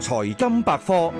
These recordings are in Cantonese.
財金百科，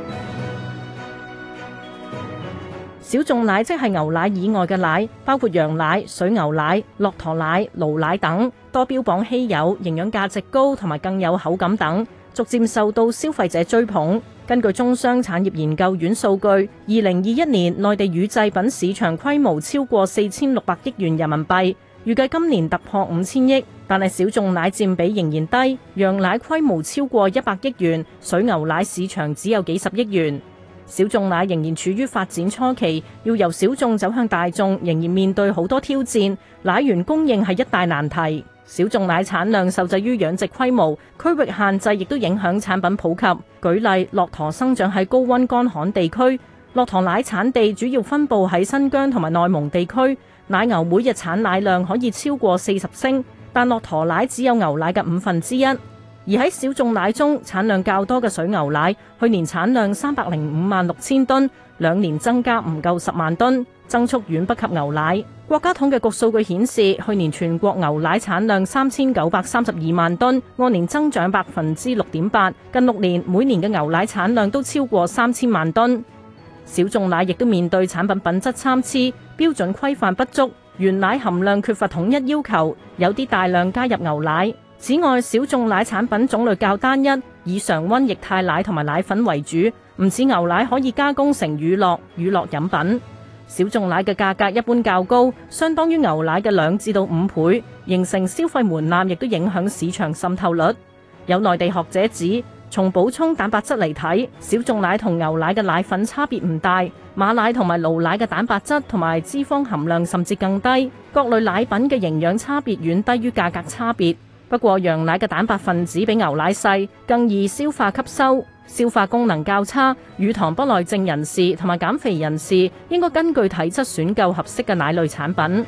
小眾奶即係牛奶以外嘅奶，包括羊奶、水牛奶、駱駝奶、驢奶等，多標榜稀有、營養價值高，同埋更有口感等，逐漸受到消費者追捧。根據中商產業研究院數據，二零二一年內地乳製品市場規模超過四千六百億元人民幣。預計今年突破五千億，但係小眾奶佔比仍然低，羊奶規模超過一百億元，水牛奶市場只有幾十億元。小眾奶仍然處於發展初期，要由小眾走向大眾，仍然面對好多挑戰。奶源供應係一大難題，小眾奶產量受制於養殖規模、區域限制，亦都影響產品普及。舉例，駱駝生長喺高溫乾旱地區。駱駝奶產地主要分布喺新疆同埋內蒙地區，奶牛每日產奶量可以超過四十升，但駱駝奶只有牛奶嘅五分之一。而喺小眾奶中，產量較多嘅水牛奶，去年產量三百零五萬六千噸，兩年增加唔夠十萬噸，增速遠不及牛奶。國家統計局數據顯示，去年全國牛奶產量三千九百三十二萬噸，按年增長百分之六點八，近六年，每年嘅牛奶產量都超過三千萬噸。小眾奶亦都面對產品品質參差、標準規範不足、原奶含量缺乏統一要求，有啲大量加入牛奶。此外，小眾奶產品種類較單一，以常温液態奶同埋奶粉為主，唔似牛奶可以加工成乳酪、乳酪飲品。小眾奶嘅價格一般較高，相當於牛奶嘅兩至到五倍，形成消費門檻，亦都影響市場滲透率。有內地學者指。從補充蛋白質嚟睇，小眾奶同牛奶嘅奶粉差別唔大，馬奶同埋驢奶嘅蛋白質同埋脂肪含量甚至更低。各類奶粉嘅營養差別遠低於價格差別。不過羊奶嘅蛋白分子比牛奶細，更易消化吸收。消化功能較差、乳糖不耐症人士同埋減肥人士應該根據體質選購合適嘅奶類產品。